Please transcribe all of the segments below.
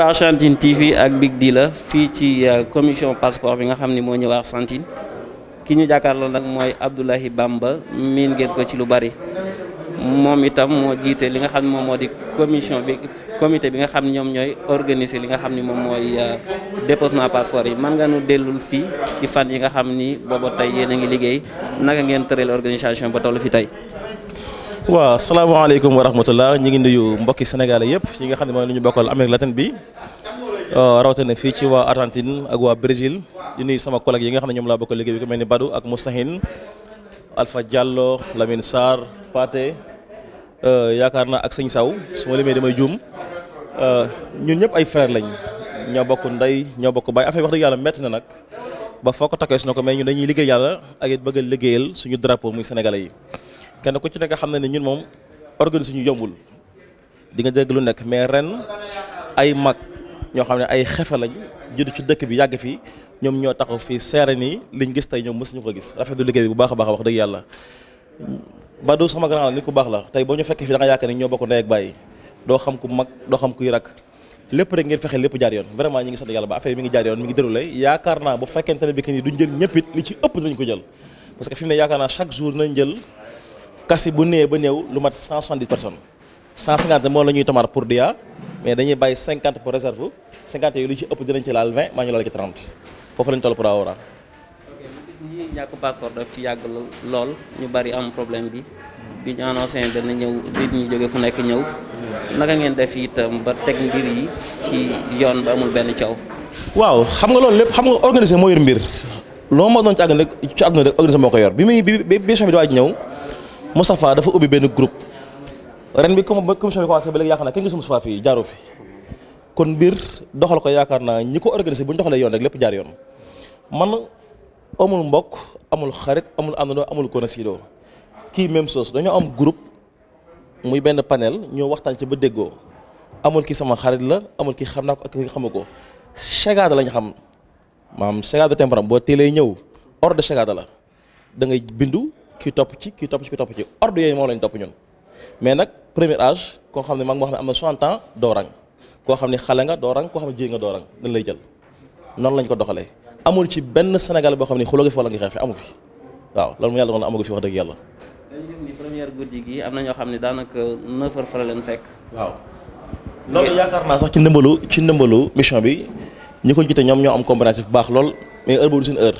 Argentine TV ak Big D la fii ci euh, commission passeport bi nga xam ni moo ñëw Argentine ki ñu jàkkarloon nag mooy Abdoulaye Bamba miin ngeen ko ci lu bari moom itam moo jiite li nga xam moom moo di commission bi comité bi nga xam ñoom ñooy organiser li nga xam ni moom mooy euh, déposement passeport yi man nga nu dellul si ci fan yi nga xam ni booba tey yéen a ngi liggéey naka ngeen tëral organisation ba tollu fi tey waaw salaamaaleykum wa rahmatullah ñu ngi mbokki Sénégal yëpp yi nga xam ne mooy lu ñu bokkal Amérique latine bi oh, rawatina fii ci waa Argentine ak waa Brésil di nuyu sama collègue yi nga xam ne ñoom laa bokkal liggéey bi ku mel ni Badou ak Moustahine Alpha Diallo lamin Sarr pate euh, yaakaar na ak sëñ Saw su ma limee damay juum euh, ñun ñëpp ay frère lañ ñoo bokk ndey ñoo bokk baay affaire wax dëgg yàlla metti na nag ba foo ko takkee su na ko mais ñun dañuy liggéey yàlla ak it bëgg liggéeyal suñu drapeau muy sénégalais yi kenn ku ci nekk xam na ne ñun moom organiser ñu yombul di nga dégg lu nekk mais ren ay mag ñoo xam ne ay xefe lañ judd ci dëkk bi yàgg fi ñoom ñoo taxaw fii seere nii liñ gis tey ñoom mësuñu ko gis rafetlu liggéey bi bu baax a baax wax dëgg yàlla Badou sama grand la nit ku baax la tey boo ñu fekkee fi da yaakaar ne ñoo bokk ndey ak bàyyi doo xam ku mag doo xam kuy rak lépp rek ngeen fexe lépp jaar yoon vraiment ñi ngi sant yàlla ba affaire kasi bu néew ba néew lu mat cent soixante-dix personnes cent cinquante moom la ñuy tomar pour dia mais dañuy bàyyi cinquante pour réserve cinquante yooyu lu ci ëpp dinañ ci laal vingt maa ñu laal ci trente foofu lañ toll pour Aora. ok ñàkk passeport daf ci yàgg lool ñu bari am problème bi bi ñu annoncé dana ñëw nit ñi jóge fu nekk ñëw naka ngeen def itam ba teg mbir yi ci yoon ba amul benn coow. waaw xam nga lool lépp xam nga organiser moo yor mbir loo ma doon ci àgg bi muy bi bi Moustapha dafa ubbi benn groupe ren bi comme commission bi commencé ba léegi yaakaar naa kenn gisu Moustapha fii jaaroo fi kon mbir doxal ko yaakaar naa ñi ko organisé bu ñu doxalee yoon rek lépp jaar yoon man amul mbokk amul xarit amul àndandoo amul conocido kii même chose dañoo am groupe muy benn panel ñoo waxtaan ci ba déggoo amul ki sama xarit la amul ki xam naa ko ak ki xamu ko chegada lañ xam maam chegada temporam boo lay ñëw ordre de chegada la da ngay bindu. kii topp ci kii topp ci kii topp ci ordre topp ñun mais nag premier âge koo xam ne mag moo xam ne am na 60 ans doo koo xam ne xale nga doo rang koo xam ne jigéen nga doo rang dañ lay jël noonu lañ ko doxalee amul ci benn Sénégal boo xam ne xuloo nga fi wala nga xeex fi amu fi waaw loolu mu yàlla dogal na amagu fi wax gi am na ñoo xam ne daanaka 9 heures fa la leen fekk waaw loolu yaakaar naa sax ci ndimbalu ci ndimbalu mission bi ñu ko jiite ñoom ñoo am compréhensif bu baax lool mais heure boobu seen heure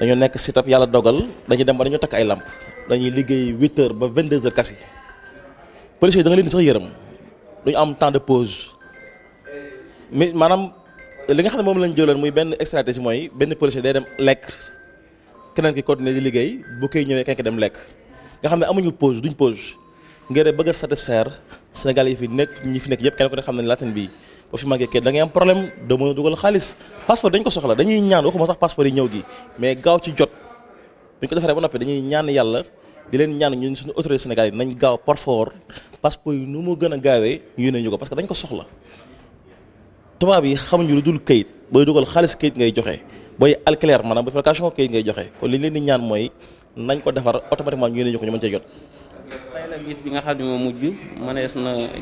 dañu nekk si yàlla dogal dañuy dem ba dañu takk ay làmp dañuy liggéey huit heures ba vingt deux heures kasi police yi da nga leen sax yërëm duñu am temps de pause mais maanaam li nga xam ne moom lañ jëloon muy benn stratégie mooy benn policier day dem lekk keneen ki continuer di liggéey bu koy ñëwee keneen dem lekk nga xam ne amuñu pause duñ pause ngir bëgg a satisfaire Sénégal yi fi nekk ñi fi nekk yëpp kenn ku ne xam ne latin bii ba fi màggee kenn da ngay am problème doo mën a dugal xaalis passeport dañ ko soxla dañuy ñaan waxuma sax passeport yi ñëw gi mais gaaw ci jot buñ ko defaree ba noppi dañuy ñaan yàlla di leen ñaan ñun suñu autorité Sénégal yi nañ gaaw par passeport yi nu mu gën a gaawee yónnee ñu ko parce que dañ ko soxla tubaab yi xamuñu lu dul kayit booy dugal xaalis kayit ngay joxe booy alclair maanaam bu vacation kayit ngay joxe kon li leen di ñaan mooy nañ ko defar automatiquement ñu yónnee ñu ko ñu mën cee jot.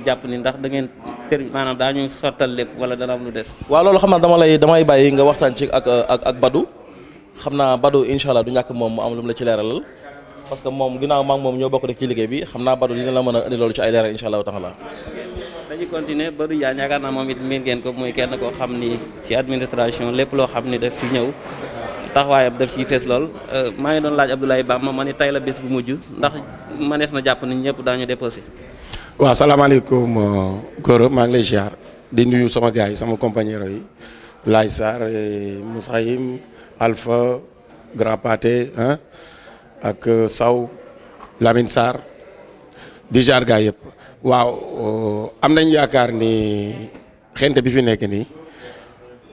tey la ter maanaam daañu sottal lépp wala dana am lu des. waaw loolu xam naa damay bàyyi nga waxtaan ci ak ak ak xam naa Badou incha du ñàkk moom mu am lu mu la ci leeralal parce que moom ginnaaw maa ngi moom ñoo bokk def ci liggéey bi xam naa a indi loolu ci ay leeral incha allah it miin ngeen ko muy kenn koo xam ni ci administration lépp loo xam ni daf fi ñëw. taxawaayam def ci fees lool euh, maa ngi doon laaj Abdoulaye Ba ma ma ni tey la bés bu mujj ndax manees na jàpp ni ñëpp daañu déposé waaw salaamaaleykum euh, Gora maa ngi lay ziar di nuyu sama gars sama compagnero yi laay Sarr euh, Moussahim Alpha Grand Paté ak euh, Saw lamin Sarr di ziar gars yëpp waaw am nañ yaakaar ni xente bi fi nekk nii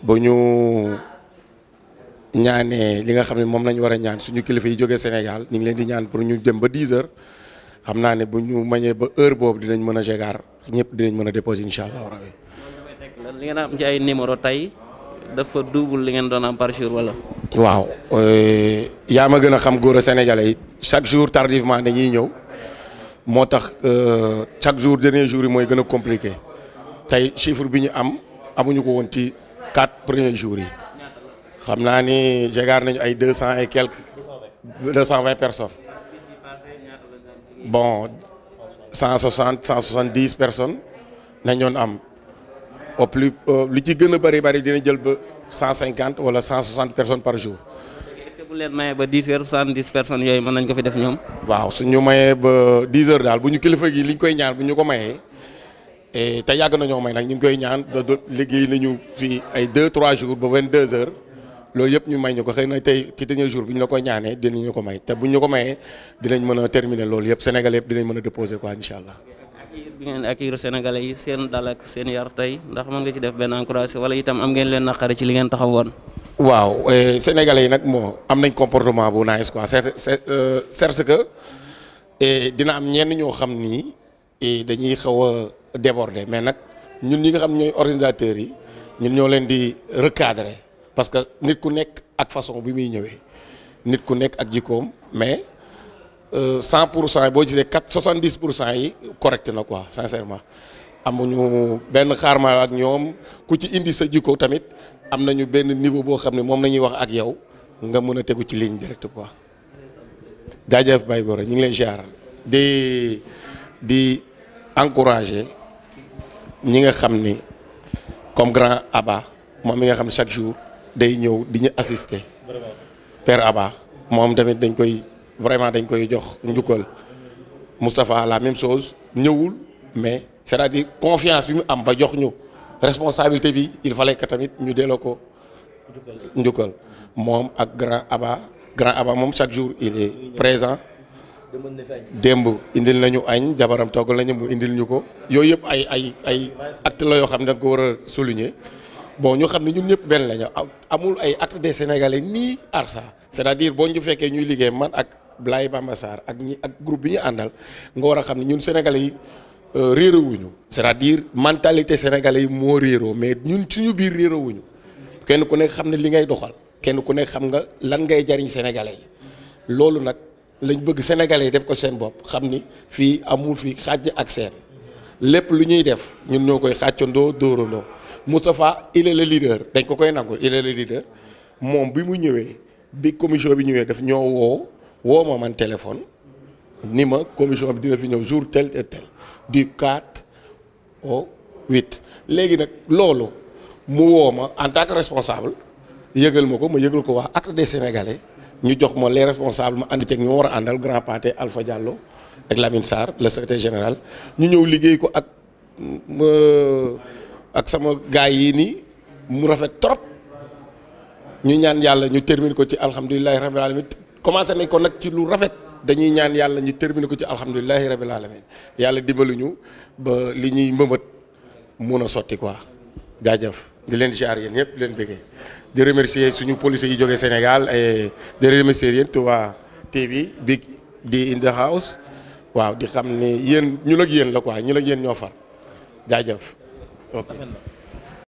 ba ñu ñaanee li nga xam ne moom lañ war ñaan suñu kilifa yi jóge Sénégal ñu ngi leen di ñaan pour ñu dem ba 10 heures xam naa ne bu ñu mañee ba heure boobu dinañ mën a jégaar ñëpp dinañ mën a déposé incha allah rabi. li ngeen am ci ay numéro tey dafa double li ngeen doon am par jour wala. waaw euh, yaa ma gën a xam góor a sénégalais yi chaque jour tardivement dañuy ñëw moo tax euh, chaque jour dernier jour yi mooy gën a compliqué tey chiffre bi ñu am amuñu ko woon ci quatre premiers jours yi xam naa ni jégaar nañu ay deux cent et quelques deux cent vingt personnes. bon cent soixante cent soixante dix personnes nañ doon am au plus euh, lu ci gën a bari bëri dina jël ba cent cinquante wala cent soixante personnes par jour. leen mayee ba dix heures soixante dix personnes yooyu mën nañ ko fi def ñoom. waaw ñu mayee ba dix heures daal bu ñu kilifa gi liñ koy ñaan bu ñu ko mayee eh, te yàgg nañoo may nag ñu ngi koy ñaan liggéey nañu fi ay deux trois jours ba vingt deux heures. loolu yëpp ñu may ñu ko xëy na tey ci dernier jour bi ñu la koy ñaanee dinañu ko may te bu ñu ko mayee dinañ mën a terminer loolu yëpp Sénégalais yëpp dinañ mën a déposer quoi incha allah. bi ngeen accueillir Sénégalais seen dal ak seen yar tey ndax mën nga ci def benn encouragé wala itam am ngeen leen naqari ci li ngeen taxaw woon. waaw eh, Sénégalais yi nag moo am nañ comportement bu nice quoi euh, certes que eh, dina am ñenn ñoo xam ni eh, dañuy xaw a déborder mais nag ñun ñi nga xam ñooy organisateurs yi ñun ñoo leen di recadrer. parce que nit ku nekk ak façon bi muy ñëwee nit ku nekk ak jikoom mais euh, cent pour cent boo gisee quatre soixante dix pour cent yi correct na quoi sincèrement amuñu benn xaarma ak ñoom ku ci indi sa jiko tamit am nañu benn niveau boo xam ne moom la ñuy wax ak yow nga mën a tegu ci ligne directe quoi jaajëf Baye Gora ñu ngi lay ziaral di di encourager ñi nga xam ni comme grand Abba moom mi nga xam ne chaque jour day ñëw di ñu assister Père Abba moom tamit dañ koy vraiment dañ koy jox njukkal Moustapha la même chose ñëwul mais c'est-à-dire confiance bi mu am ba jox ñu responsabilité bi il fallait que tamit ñu delloo ko njukkal moom ak grand Abba grand Abba moom chaque jour il est présent démb indil nañu añ jabaram toggal nañu mu indil ñu ko yooyu yëpp ay ay ay acte la yoo xam ne da nga ko war a souligner bon ñu xam ne ñun ñëpp benn lañu amul ay acte des sénégalais nii arsa c'est-à-dire boo ñu fekkee ñuy liggéey man ak Blaye Bamba ak ñi ak groupe bi ñu àndal nga war a xam ne ñun sénégalais yi euh, réerewuñu c'est-à-dire mentalité sénégalais yi moo réeroo mais ñun suñu biir réerewuñu kenn ku nekk xam ne li ngay doxal kenn ku nekk xam nga lan ngay jariñ sénégalais yi loolu nag lañ bëgg sénégalais yi def ko seen bopp xam ni fii amul fii xaaj ak seen lépp lu ñuy def ñun ñoo koy xàccandoo dóorandoo Moustapha il est leader dañ ko koy nangul il est leader moom bi mu ñëwee bi commission bi ñëwee def ñoo woo woo ma man téléphone ni ma commission bi dina fi ñëw jour tel et di du 4 au léegi nag loolu mu woo ma en tant que responsable yëgal ma ko ma yëgal ko waa acte des sénégalais ñu jox ma les responsables ma ànd ceeg ñu war a àndal grand pâté Alpha Diallo. ak Lamine Sarr le secrétaire général ñu ñëw liggéey ko ak euh, ak sama gaay yi nii mu rafet trop ñu ñaan yàlla ñu termine ko ci alhamdulilahi rabil alamin commencé nañ ko nag ci lu rafet dañuy ñaan yàlla ñu termine ko ci alhamdulilahi rabil alamin yàlla dimbalu ñu ba li ñuy mbëmbët mun a sotti quoi jaajëf di leen ziar yéen ñëpp di leen bëggee di remercier suñu policiers yi jógee Sénégal et di remercier yéen Touba TV big di in the house waaw di xam ni yéen ñu ak yéen la quoi ñu ak yéen ñoo far jaajëf